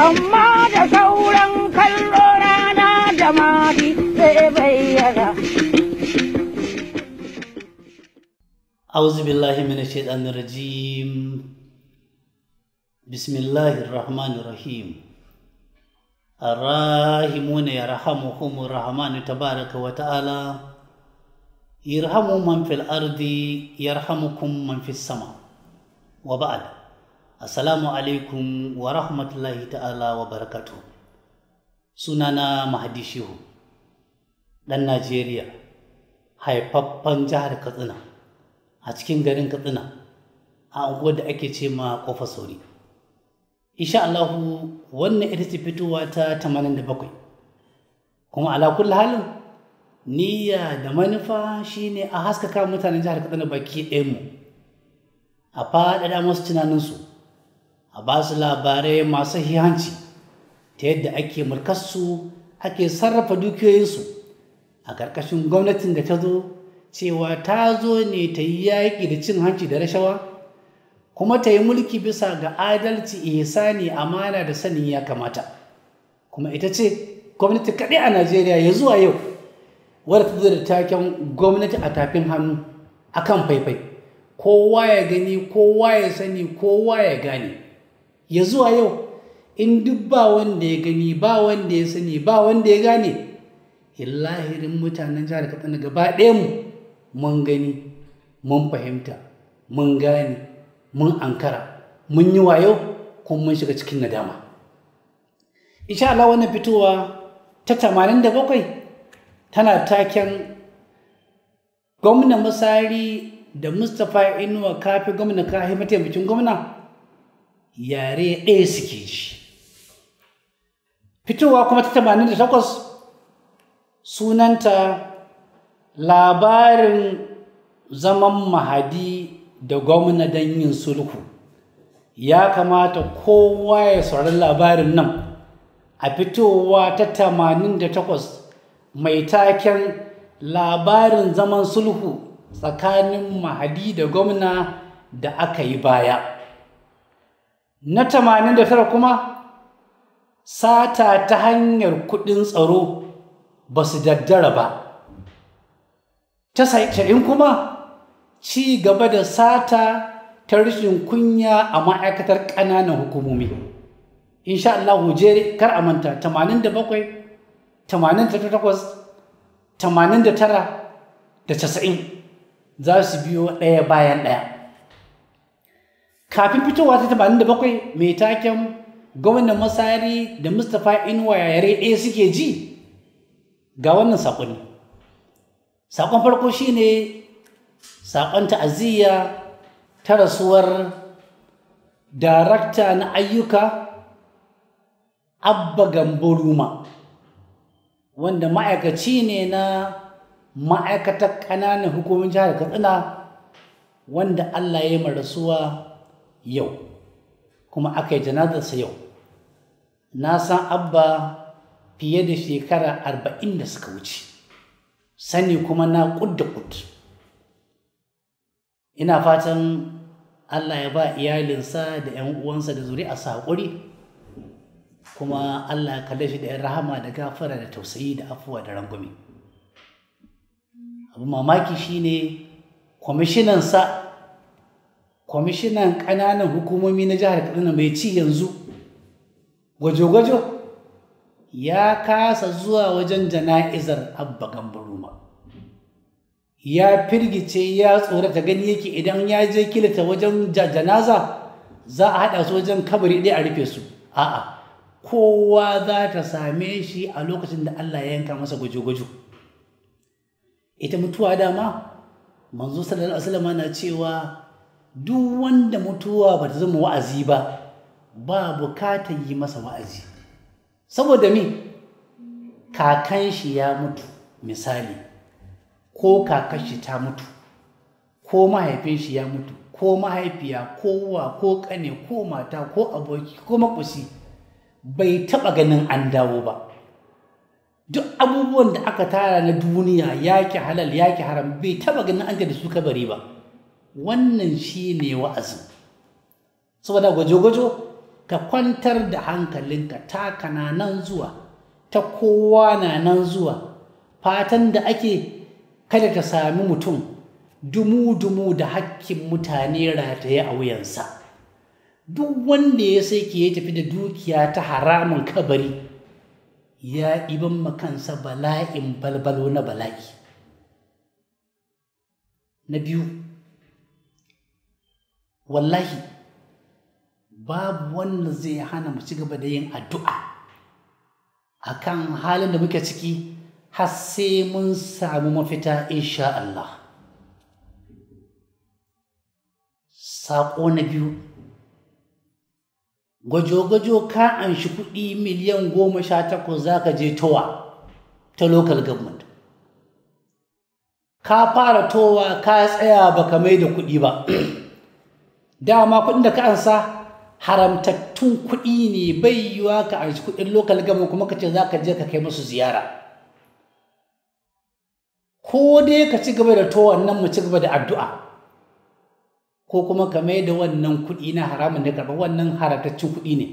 أعوذ بالله من الشيطان الرجيم بسم الله الرحمن الرحيم الراحمون يرحمهم الرحمن تبارك وتعالى يرحم من في الأرض يرحمكم من في السماء وبعد Assalamu alaikum wa rahmatullahi ta'ala wa barakatu. Sunana Mahadi Shehu, ɗan Najeriya, haifaffan jihar Katsina, a cikin garin Katsina, a unguwar da ake ce ma ƙofa sauri. Isha Allahu wannan ita ce fitowa ta 87. Kuma ala kulli halin, niyya da manufa ne a haskaka mutanen jihar Katsina baki ɗayanmu, a faɗaɗa masu tunaninsu. a ba su labarai masu hihanci ta yadda ake mulkarsu ake sarrafa dukiyoyinsu a ƙarƙashin gwamnatin da ta zo cewa ta zo ne ta yi yaƙi da cin hanci da rashawa kuma ta yi mulki bisa ga adalci ne amana da sanin ya kamata kuma ita ce gwamnati kaɗai a najeriya ya zuwa yau wadda ta zo da taken gwamnati a tafin hannu akan faifai kowa ya gani kowa ya sani kowa ya gane ya zuwa yau in duk ba wanda ya gani ba wanda ya sani ba wanda ya gane illahirin mutanen jihar katsina gaba ɗaya mu mun gani mun fahimta mun gane mun ankara mun yi wayo kuma mun shiga cikin nadama insha Allah wannan fitowa ta tamanin da bakwai tana taken gwamna musari da mustapha inuwa kafi gwamna kahi mataimakin gwamna yare ɗaya suke ji fitowa kuma ta da takwas, sunanta labarin zaman mahadi da gwamna don yin sulhu ya kamata kowa ya saurari labarin nan a fitowa ta tamanin da takwas mai taken labarin zaman sulhu tsakanin mahadi da gwamna da aka yi baya na 89 kuma sata ta hanyar kudin tsaro ba su daddara ba ta sa'in kuma ci gaba da sata ta rashin kunya a ma'aikatar ƙananan hukumomi insha Allah hujeri kar a manta 87 88 89 da 90 za su biyo ɗaya bayan ɗaya kafin fitowa ta da bakwai, mai taken gwamnan masari da mustapha inuwa yare ɗaya suke ji ga wannan saƙon saƙon farko shine saƙon ta'aziyya ta rasuwar darakta na ayyuka abba gamboruma wanda ma'aikaci ne na ma'aikatar ƙananan hukumin jihar katsina wanda allah ya yi rasuwa yau kuma aka yi janazarsa yau na san abba fiye da shekara arba'in da suka wuce sani kuma na da kud ina fatan allah ya ba iyalinsa da 'yan uwansa da zuri a saƙuri kuma allah ya kalle shi da 'yan rahama da gafara da tausayi da afuwa da rangumi. abu mamaki shine kwamishinansa kwamishinan ƙananan hukumomi na jihar kaduna mai ci yanzu gwajo-gwajo ya kasa zuwa wajen jana'izar abba gambaruma ya firgice ya tsorata gani yake idan ya je kilita wajen janaza za a haɗa su wajen kabari ɗaya a rufe su a'a kowa za ta same shi a lokacin da Allah ya yanka masa gwajo-gwajo ita mutuwa dama manzo sallallahu alaihi wasallam na cewa duk wanda mutuwa ba ta zama wa'azi ba ba bukatar yi masa wa'azi saboda mi kakan shi ya mutu misali ko kakan shi ta mutu ko mahaifin shi ya mutu ko mahaifiya ko wa ko kane ko mata ko aboki ko makusi bai taba ganin an dawo ba duk abubuwan da aka tara na duniya yaki halal yaki haram bai taba ganin an da su kabari ba wannan shi ne wa'azin saboda gwajo-gwajo ka kwantar da hankalinka ta nan zuwa ta kowa na nan zuwa fatan da ake kada ka sami mutum dumu-dumu da hakkin mutane rataye a wuyansa duk wanda ya sai ke tafi da dukiya ta haramun kabari ya iban makansa bala'in balbalo na bala'i na biyu wallahi babu wanda zai hana mu ci gaba da yin addu'a A kan halin da muke ciki har sai mun samu mafita insha Allah saƙo na biyu gwajo-gwajo ka an shi kuɗi miliyan goma sha takwas za ka je towa ta local government ka fara towa ka tsaya ba ka mai da kuɗi ba dama kuɗin da ka ansa haramtattun kuɗi ne bai yiwuwa ka anshi kuɗin lokal gama kuma ka ce za ka je ka kai musu ziyara ko dai ka ci gaba da to wannan mu ci gaba da addu'a ko kuma ka mai da wannan kuɗi na haramun da karɓa wannan haramtattun kuɗi ne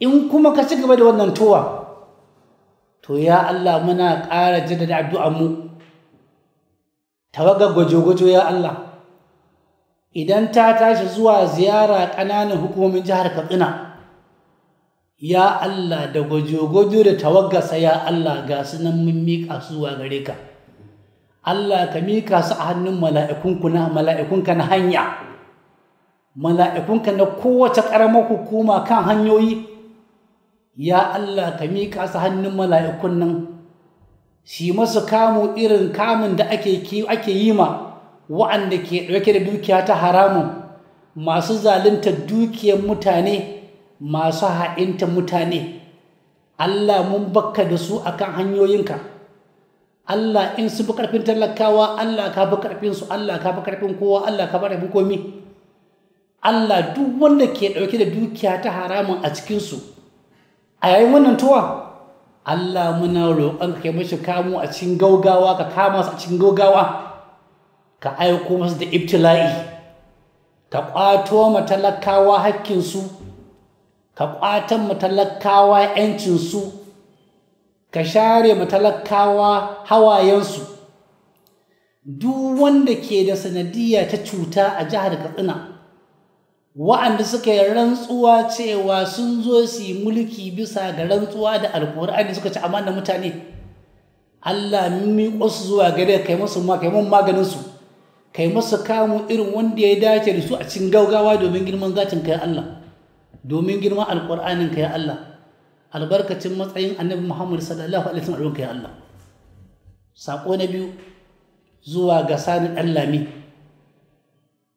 in kuma ka ci gaba da wannan towa to ya Allah muna ƙara jaddada addu'a mu tawaga gwajo-gwajo ya Allah idan ta tashi zuwa ziyara ƙananan hukumomin jihar katsina ya allah da gwajo-gwajo da tawaggasa ya allah ga su nan mun miƙa zuwa gare ka allah ka miƙa su a hannun mala'ikunku na mala'ikunka na hanya mala'ikunka na kowace ƙaramar hukuma kan hanyoyi ya allah ka miƙa su hannun mala'ikun nan shi masu kamu irin kamun da ake yi ma wa'anda ke ɗauke da dukiya ta haramun masu zalunta dukiyar mutane masu ha'inta mutane Allah mun bakka da su akan hanyoyinka Allah in su fi ƙarfin talakawa Allah ka fi ƙarfin su Allah ka fi ƙarfin kowa Allah ka fi ƙarfin komi Allah duk wanda ke ɗauke da dukiya ta haramun a cikinsu a yayin wannan tuwa Allah muna roƙon ka kai mashi kamo a cikin gaugawa ka kama su a cikin gaugawa ka aiko masu da ibtila'i ka ƙwato matalakawa hakkinsu ka ƙwatan matalakawa ‘yancinsu ka share matalakawa hawayensu duk wanda ke da sanadiyya ta cuta a jihar katsina wa'anda suka yi rantsuwa cewa sun zo su yi mulki bisa ga rantsuwa da alkur'ani suka ci amana mutane Allah miƙo su zuwa gare kai musu ma maganin su Kai yi masa kamu irin wanda ya dace da su a cikin gaugawa domin girman zatin ka Allah domin girman alƙur'anin ka Allah albarkacin matsayin annabi Muhammad sallallahu alaihi wasallam ka ya Allah sako na biyu zuwa ga Sani al-Lami,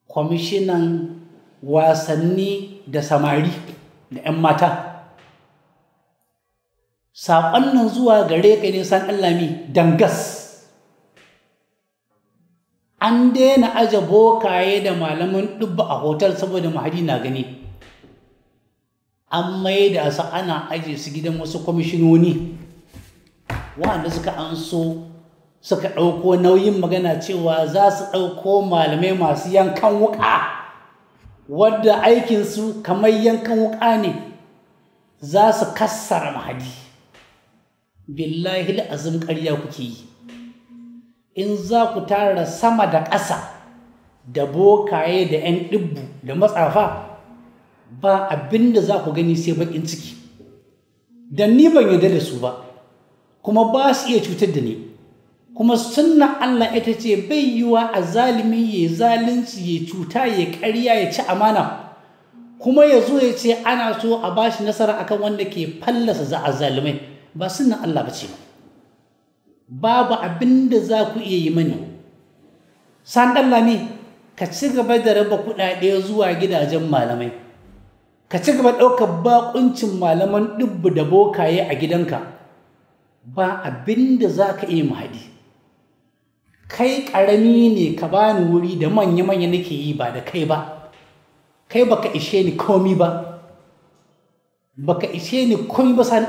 kwamishinan wasanni da samari da 'yan mata saƙon nan zuwa gare ka ne san lami dangas an daina aje bokaye da malaman dubba a hotel saboda mahadi na gani an mai da su ana aje su gidan wasu kwamishinoni wanda suka an so suka ɗauko nauyin magana cewa za su ɗauko malamai masu yankan wuƙa wadda aikinsu kamar yankan wuƙa ne za su kassara mahadi billahi azum ƙarya kuke yi in za ku tara sama da ƙasa da bokaye da 'yan ɗibbu da matsafa ba abin da za ku gani sai bakin ciki da ni ban yarda da su ba kuma ba su iya cutar da ni kuma sunna Allah ita ce bai yiwa a zalimi ya zalunci ya cuta ya karya ya ci amana kuma ya zo ya ce ana so a bashi nasara akan wanda ke fallasa za a zalimai ba sunna Allah ba ce ba babu abin da za ku iya yi mani san ka ci gaba da raba kuɗaɗe zuwa gidajen malamai ka ci gaba ɗaukar baƙuncin malaman dubu da bokaye a gidanka ba abin da za ka iya mahadi kai ƙarami ne ka bani wuri da manya-manya nake yi ba da kai ba kai baka ishe ni komi ba baka ishe ni komi ba san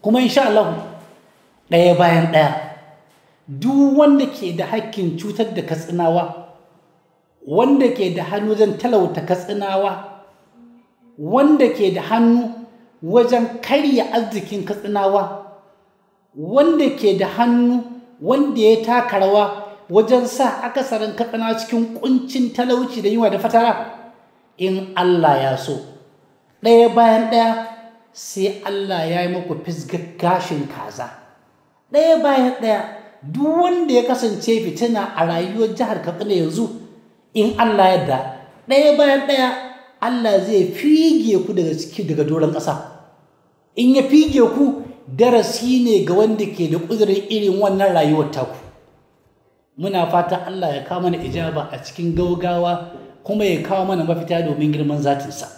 kuma insha Allah ɗaya bayan ɗaya duk wanda ke da hakkin cutar da katsinawa wanda ke da hannu zan talauta katsinawa wanda ke da hannu wajen karya arzikin katsinawa wanda ke da hannu wanda ya taka rawa wajen sa akasarin katsina cikin kuncin talauci da yiwa da fatara in Allah ya so ɗaya bayan ɗaya sai Allah ya yi muku fisgar gashin kaza. ɗaya bayan ɗaya duk wanda ya kasance fitina a rayuwar jihar katsina yanzu in allah yadda ɗaya bayan ɗaya allah zai fige ku daga ciki daga doron ƙasa in ya fige ku darasi ne ga wanda ke da ƙudurin irin wannan rayuwar taku muna fata allah ya kawo mana ijaba a cikin gaugawa kuma ya kawo mana mafita domin girman zatinsa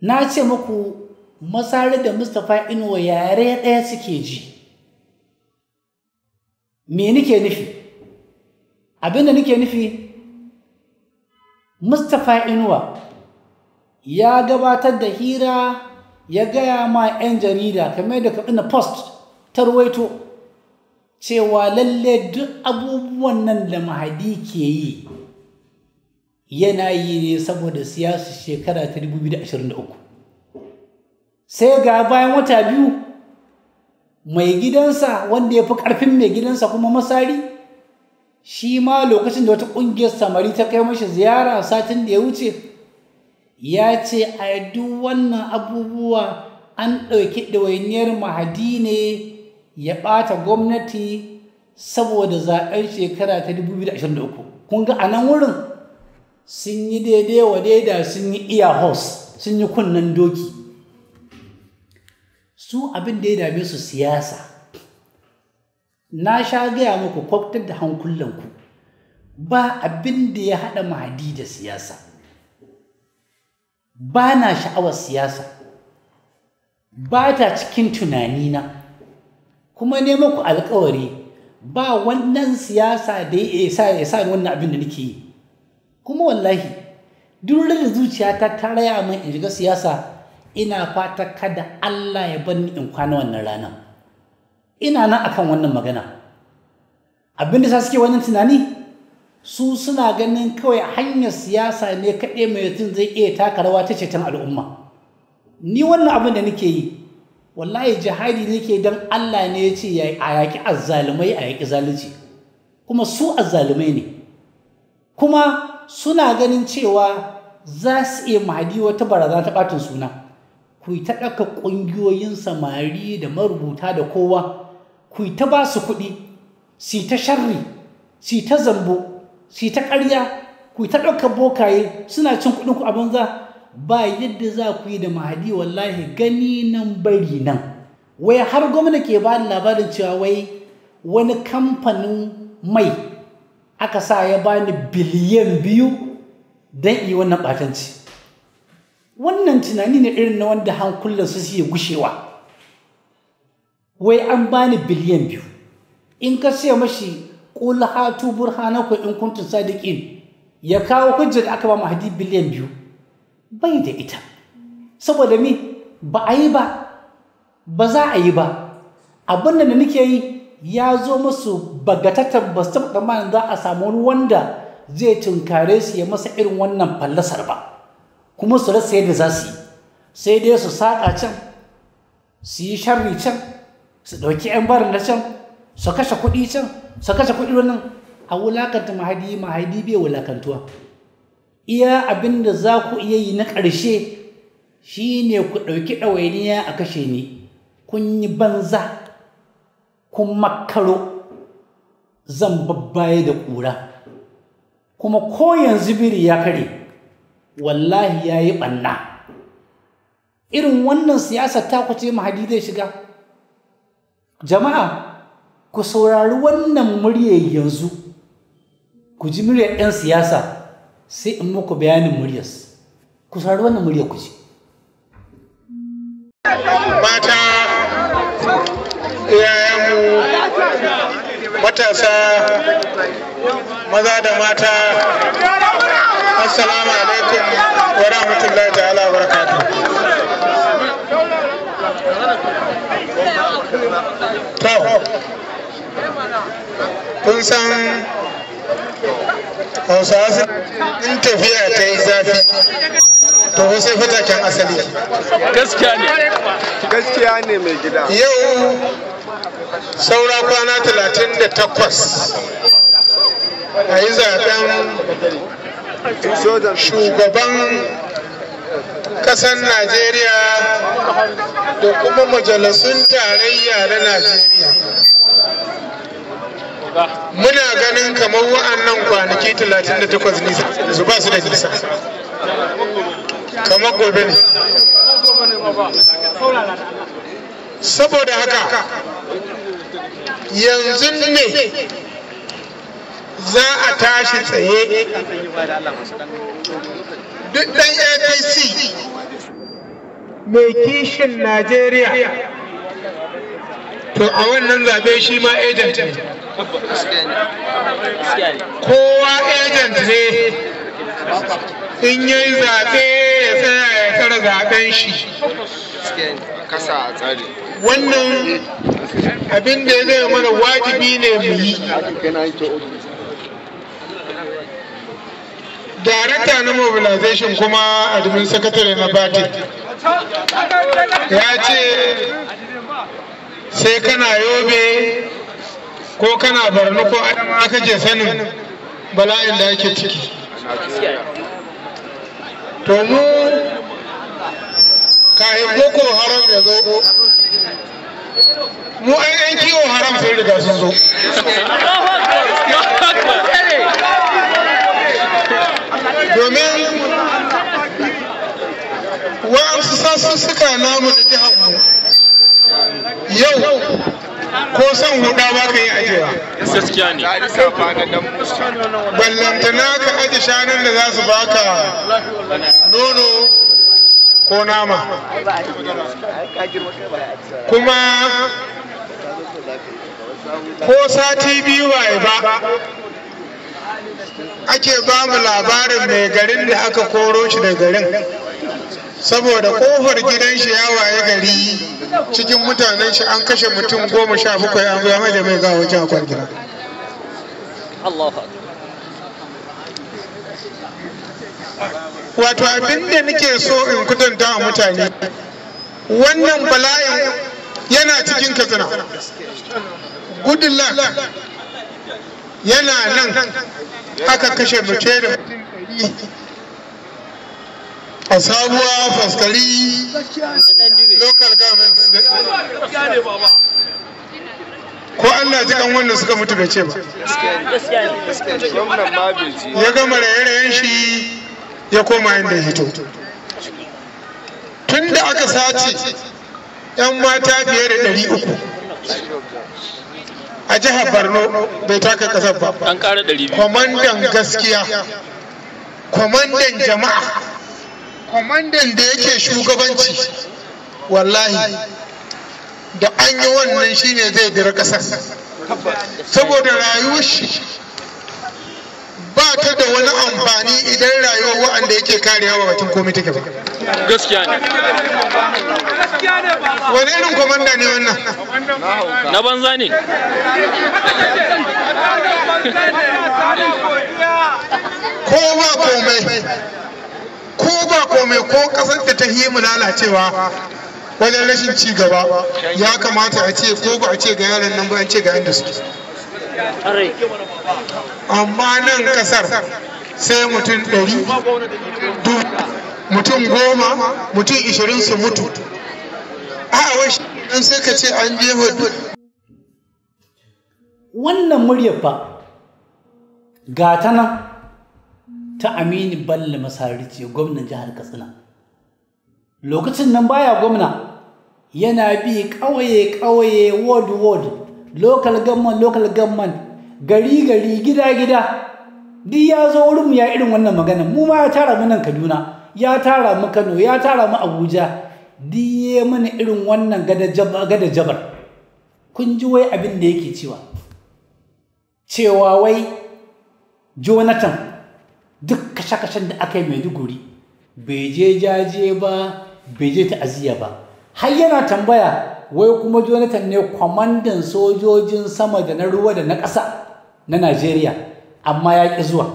na ce muku masari da mustapha inuwa yare ɗaya suke ji me nike nufi abinda nike nufi mustapha inuwa ya gabatar da hira ya gaya ma 'yan jarida kamar da na post ta ruwaito cewa lalle duk abubuwan nan da mahadi ke yi yana yi ne saboda siyasa shekara ta 2023 sai ga bayan wata biyu mai gidansa wanda ya fi ƙarfin mai gidansa kuma masari shi ma lokacin da wata ƙungiyar samari ta kai mashi ziyara satin da ya wuce ya ce a duk wannan abubuwa an ɗauki ɗawainiyar mahadi ne ya ɓata gwamnati saboda zaɓen shekara ta 2023 kun ga a nan wurin sun yi daidai wa daida sun yi iya sun yi kunnen doki su abin da ya dame su siyasa na sha gaya muku kwaftar da hankulanku ba abin da ya haɗa mahadi da siyasa ba na sha'awar siyasa ba ta cikin tunanina kuma ne ku alkawari ba wannan siyasa da ya sa ya sa wannan abin da nake yi kuma wallahi duk da zuciyata ta raya min in shiga siyasa ina fata kada Allah ya bani in kwana wannan rana ina nan akan wannan magana abin da suke wannan tunani su suna ganin kawai hanyar siyasa ne kaɗai mai mutum zai iya taka rawa ta ceton al'umma ni wannan abin da nake yi wallahi jihadi nake don Allah ne ya ce a yaƙi azzalumai a yaƙi zalunci kuma su azzalumai ne kuma suna ganin cewa za su iya mahadi wata barazana ta ɓatin suna ku yi ta ɗaka ƙungiyoyin samari da marubuta da kowa ku yi ta ba su kuɗi su ta sharri su ta zambo su ta ƙarya ku yi ta ɗaka bokaye suna cin kuɗin ku a banza ba yadda za ku yi da mahadi wallahi gani nan bari nan wai har gwamna ke ba labarin cewa wai wani kamfanin mai aka sa ya bani biliyan biyu don yi wannan ɓatanci wannan tunani ne irin na wanda hankulan su suke gushewa wai an bani biliyan biyu in ka siya mashi qul hatu ko in kuntun sadiqin ya kawo hujjar aka ba mu hadi biliyan biyu bai da ita saboda mi ba a yi ba ba za a yi ba abin da nake yi ya zo musu bagatattar ba su za a samu wanda zai tunkare su ya masa irin wannan fallasar ba kuma su rasa yadda za su yi sai dai su saƙa can su yi sharri can su ɗauki 'yan barin na can su kashe kuɗi can su kashe kuɗi wannan a wulakanta mahadi mahadi bai wulakantuwa iya abin da za ku iya yi na ƙarshe shine ku ɗauki ɗawainiya a kashe ni kun yi banza kun makaro zan babbaye da ƙura kuma ko yanzu biri ya kare wallahi ya yi ɓanna irin wannan siyasa ta kwace mahadi zai shiga jama'a ku saurari wannan muryar yanzu ku ji muryar 'yan siyasa sai in muku bayanin muryar ku saurari wannan muryar ku ji mata iyayenmu matasa maza da mata assalamu alaikum wa rahmatullahi ta'ala wa barakatuh to kun san hausawa in tafiya ta yi zafi sai fita can asali gaskiya ne gaskiya ne mai gida yau saura kwana talatin da takwas a yi zaben shugaban kasan najeriya da kuma majalisun tarayya na najeriya muna ganin kamar wa'annan kwanaki 38 nisa su ba su da nisa kamar gobe ne saboda haka yanzu ne za a tashi tsaye duk ɗan apc mai kishin najeriya to a wannan zaɓe shi ma agent ne kowa agent ne in yi zaɓe ya tsaya ya tsara zaɓen shi wannan abin ya zai mana wajibi ne mu yi darakta na mobilization kuma admin sakatare na bati. ya ce sai kana yobe ko kana barno ko aka je sanin bala'in da ake ciki to mu kayan boko haram ya zo mu an yan kiwo haram sun riga sun zo domin wa'ansu suka namu da jihar yau ko son huda ba ka yi ajiya gaskiya ne ballantana ka aji shanun da za su baka nono ko nama kuma ko sati biyu ba ba ake ba mu labarin mai garin da aka koro shi da garin saboda kofar gidan shi ya waye gari cikin mutanen shi an kashe mutum goma sha bakwai an zama da mai gawo jakon gida wato abinda nake so in kudanta a mutane wannan bala'in yana cikin katsina good luck yana nan aka kashe mace da a sabuwa faskari local government ko Allah ji kan wanda suka mutu da ce ba ya gama raye-rayen shi ya koma inda ya hito tun da aka sace 'yan mata fiye da uku. a jihar borno bai taka kasar ba an kara ɗari kwamandan gaskiya kwamandan jama'a kwamandan da yake shugabanci wallahi da an yi wannan shine zai dira ƙasar saboda rayuwar shi ba ta da wani amfani idan rayuwar wa'anda yake kare hawa batun komai take ba gaskiya ne wani irin komanda ne wannan na banza ne ko ba komai ko ba komai ko kasar da ta himu lalacewa wajen rashin ci gaba ya kamata a ce ko ba a ce ga yaran nan ba an ce ga yanda suke amma nan kasar sai mutum ɗari mutum goma mutum ishirin su mutu a'a wai shi sai ka ce an hudu wannan muryar fa ga ta nan ta aminu balle masarici gwamnan jihar katsina lokacin nan baya gwamna yana bi kawaye kawaye ward-ward local government local government gari gari gida gida duk ya zo wurin mu ya irin wannan magana mu ma ya tara mu nan Kaduna ya tara mu Kano ya tara mu Abuja duk ya mana irin wannan gada jabar kun ji wai abin da yake cewa cewa wai Jonathan duk kashe-kashen da aka yi Maiduguri bai je jaje ba bai je ta'aziyya ba har yana tambaya wai kuma jonathan ne kwamandan sojojin sama da na ruwa da na ƙasa na najeriya amma ya ƙi zuwa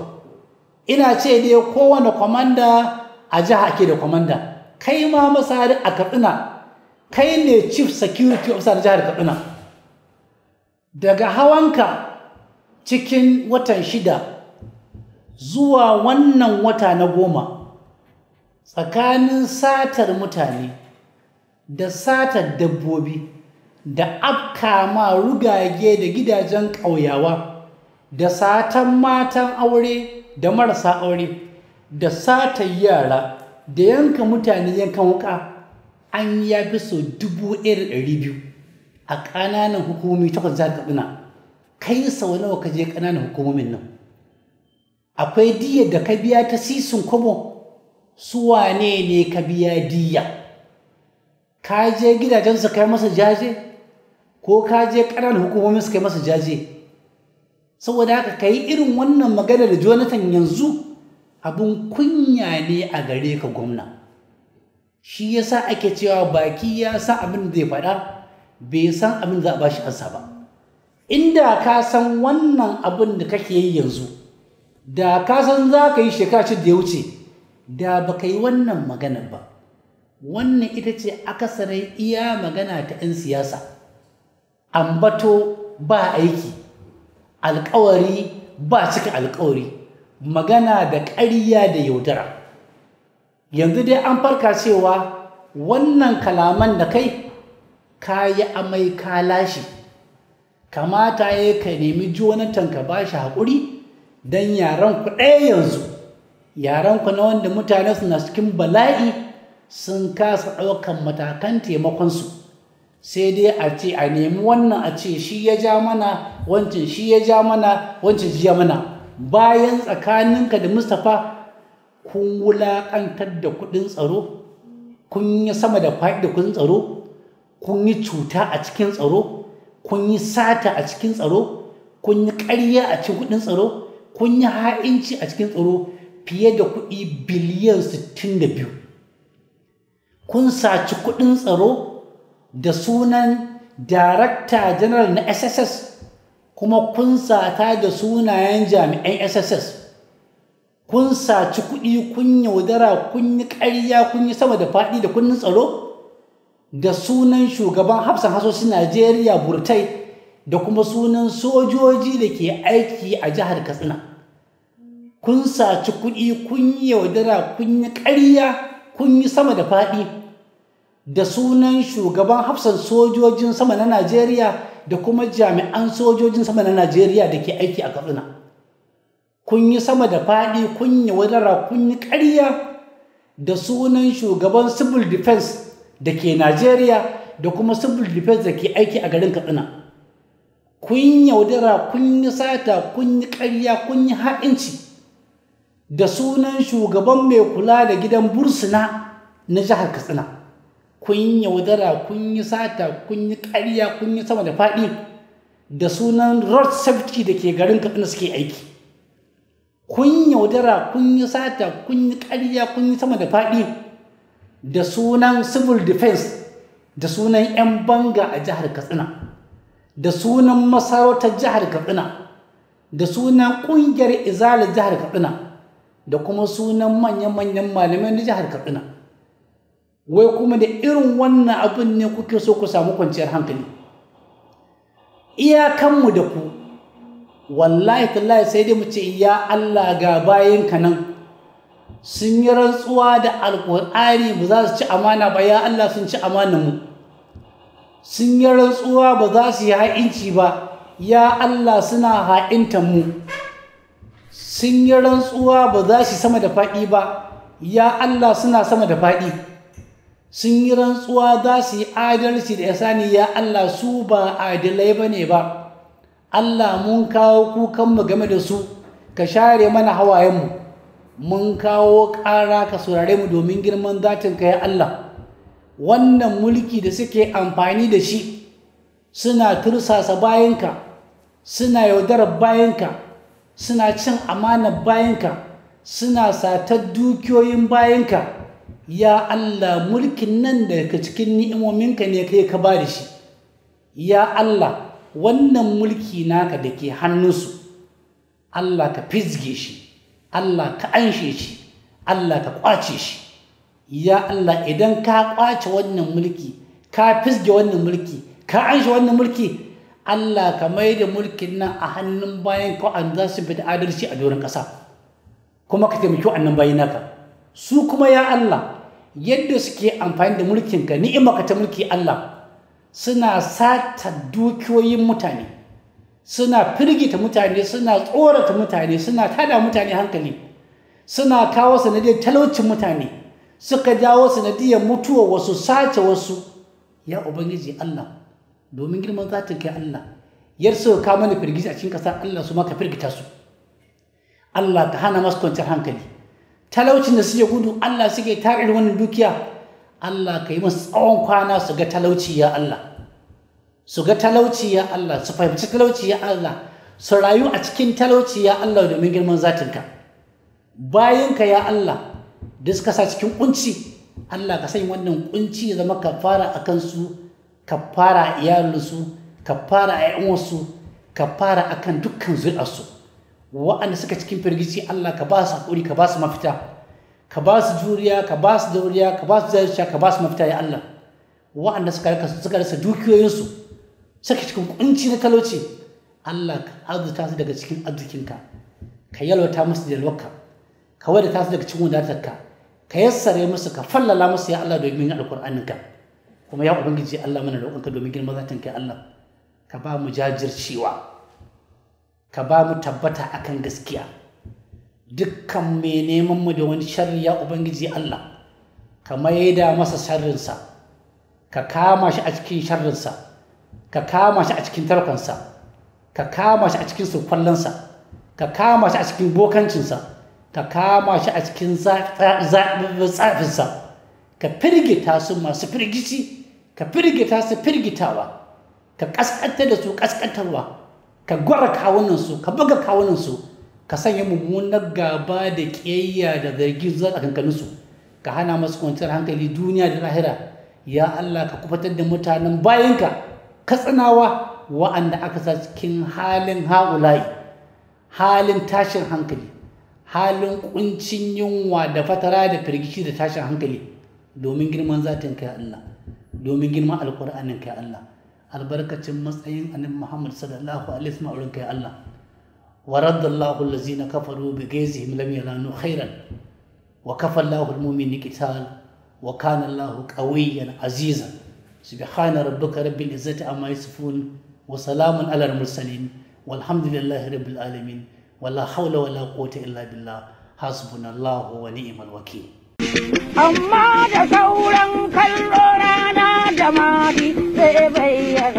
ina ce dai kowane kwamanda a jiha ke da kwamanda kai ma masari a katsina kai ne chief security officer na jihar katsina daga hawanka cikin watan shida zuwa wannan wata na goma tsakanin satar mutane da satar dabbobi da ma rugage da gidajen ƙauyawa da satan matan aure da marasa aure da satar yara da yanka mutane yankan wuka an ya fi so dubu ɗari biyu a ƙananan hukumomi takwas za ka yi kai sau nawa ka je ƙananan hukumomin nan akwai diyar da ka biya ta sisin kobo su wane ne ka biya diya ka je gidajen su kai masa jaje ko ka je ƙananan hukumomin su kai masa jaje saboda haka ka yi irin wannan magana da jonathan yanzu abin kunya ne a gare ka gwamna shi yasa ake cewa baki ya sa abin da ya faɗa bai san abin za a bashi kansa ba inda ka san wannan abin da kake yi yanzu da ka san za ka yi shekara da ya wuce da baka yi wannan maganar ba wannan ita ce akasarai iya magana ta 'yan siyasa ambato ba aiki alkawari ba cika alkawari magana da ƙarya da yaudara yanzu dai an farka cewa wannan kalaman da kai ka yi amai ka lashe kamata ya ka nemi jonathan ka ba shi haƙuri don yaranku ɗaya yanzu yaranku na wanda mutane suna cikin bala'i sun kasa ɗaukan matakan taimakonsu sai dai a ce a nemi wannan a ce shi ya ja mana wancan shi ya ja mana wancan ji ya mana bayan tsakaninka da mustapha kun wulaƙantar da kuɗin tsaro kun yi sama da faɗi da kuɗin tsaro kun yi cuta a cikin tsaro kun yi sata a cikin tsaro kun yi ƙarya a cikin kuɗin tsaro kun yi ha'inci a cikin tsaro fiye da kuɗi biliyan 62 kun saci kuɗin tsaro da sunan darakta general na sss kuma kun sata da sunayen jami'an sss kun saci kuɗi kun yaudara kun yi ƙarya kun yi sama da faɗi da kunnin tsaro da sunan shugaban hafsan hasosin najeriya burtai da kuma sunan sojoji da ke aiki a jihar katsina kun saci kuɗi kun yaudara kun yi ƙarya kun yi sama da faɗi da sunan shugaban hafsan sojojin sama na najeriya da kuma jami'an sojojin sama na najeriya da ke aiki a katsina kun yi sama da faɗi kun yi wadara kun yi ƙarya da sunan shugaban civil defense da ke najeriya da kuma civil defense da ke aiki a garin katsina kun yaudara kun yi sata kun yi ƙarya kun yi ha'inci da sunan shugaban mai kula da gidan bursuna na jihar katsina kun yi yaudara kun yi sata kun yi ƙarya kun yi sama da faɗi da sunan road safety da ke garin katsina suke aiki kun yi yaudara kun yi sata kun yi ƙarya kun yi sama da faɗi da sunan civil defense da sunan 'yan banga a jihar katsina da sunan masarautar jihar katsina da sunan ƙungiyar izala jihar katsina da kuma sunan manya-manyan malamai na jihar Katsina. Wai kuma da irin wannan abin ne kuke so ku samu kwanciyar hankali. Iyakanmu da ku, wallahi tallahi sai dai mu ce ya Allah ga bayan nan sun yi rantsuwa da alkur'ani ba za su ci amana ba ya Allah sun ci amanan mu sun yi rantsuwa ba za su yi ha'inci ba ya Allah suna ha'intan mu sun yi rantsuwa ba za su sama da faɗi ba ya Allah suna sama da faɗi sun yi rantsuwa za su yi adalci da sani ya Allah su ba adalai ba ne ba Allah mun kawo kukanmu game da su ka share mana hawayenmu mun kawo ƙara ka saurare mu domin girman ka ya Allah wannan mulki da suke amfani da shi suna tursasa bayanka suna yaudarar bayanka suna cin amanar bayanka suna satar dukiyoyin bayanka ya Allah mulkin nan daga cikin ni'imominka ne kai ka ba da shi ya Allah wannan mulki naka da ke hannunsu Allah ka fizge shi Allah ka anshe shi Allah ka kwace shi ya Allah idan ka kwace wannan mulki ka fizge wannan mulki ka anshe wannan mulki Allah ka mai da mulkin nan a hannun bayan ko an za su fita adalci a doron ƙasa kuma ka taimaki annan bayan naka su kuma ya Allah yadda suke amfani da mulkin ka ni ka ta mulki Allah suna sata dukiyoyin mutane suna firgita mutane suna tsorata mutane suna tada mutane hankali suna kawo sanadiyar talaucin mutane suka jawo sanadiyar mutuwa wasu sace wasu ya ubangiji Allah domin girman zatin kai Allah yar so ka mana firgici a cikin kasa Allah su ma ka firgita su Allah ka hana masu kwanciyar hankali talaucin da suke gudu Allah suke tarin wannan dukiya Allah ka yi masu tsawon kwana su ga talauci ya Allah su ga talauci ya Allah su fahimci talauci ya Allah su rayu a cikin talauci ya Allah domin girman zatinka ka ya Allah da suka sa cikin kunci Allah ka sanya wannan kunci ya zama kafara a kansu kafara a iyalinsu kafara a fara kafara kan dukkan zuri'arsu wa'anda suka cikin firgici Allah ka ba su haƙuri ka ba su mafita ka ba su juriya ka ba su dauriya ka ba su zariya ka ba su mafita ya Allah wa'anda suka rasa dukiyoyinsu suka cikin kunci na talauci Allah ka arzuta su daga cikin arzikinka ka yalwata musu da yalwarka ka wadata su daga cikin wadatarka ka yassare musu ka fallala musu ya Allah domin alƙur'aninka kuma ya ubangiji Allah mana roƙonka domin girma zatin kai Allah ka ba mu jajircewa ka ba mu tabbata akan gaskiya dukkan mai neman mu da wani sharri ya ubangiji Allah ka maida masa sharrinsa ka kama shi a cikin sharrinsa ka kama shi a cikin tarkonsa ka kama shi a cikin sukwallonsa ka kama shi a cikin bokancinsa ka kama shi a cikin zafinsa ka firgita su masu firgici ka firgita su firgitawa ka ƙasƙantar da su ƙasƙantarwa ka gwara kawunansu ka buga kawunansu ka sanya mummunar gaba da ƙiyayya da zargi a kankaninsu, ka hana masu kwanciyar hankali duniya da lahira ya Allah ka kufatar da mutanen bayanka tsanawa wa'anda aka sa cikin halin ha'ula'i halin tashin hankali halin ƙuncin yunwa da fatara da firgici da tashin hankali domin girman zatin kai Allah domin girma alƙur'anin kai Allah albarkacin matsayin annabi Muhammad sallallahu alaihi wasallam auren kai Allah wa raddallahu allazina kafaru bi ghaizihim lam yalanu khairan wa kafa Allahu almu'minina qital wa kana Allahu qawiyyan azizan subhana rabbika rabbil izzati amma yasifun wa salamun alal mursalin walhamdulillahi rabbil alamin wala hawla wala quwwata illa billah hasbunallahu wa ni'mal wakil amma da sauran kallo Ramadi, baby.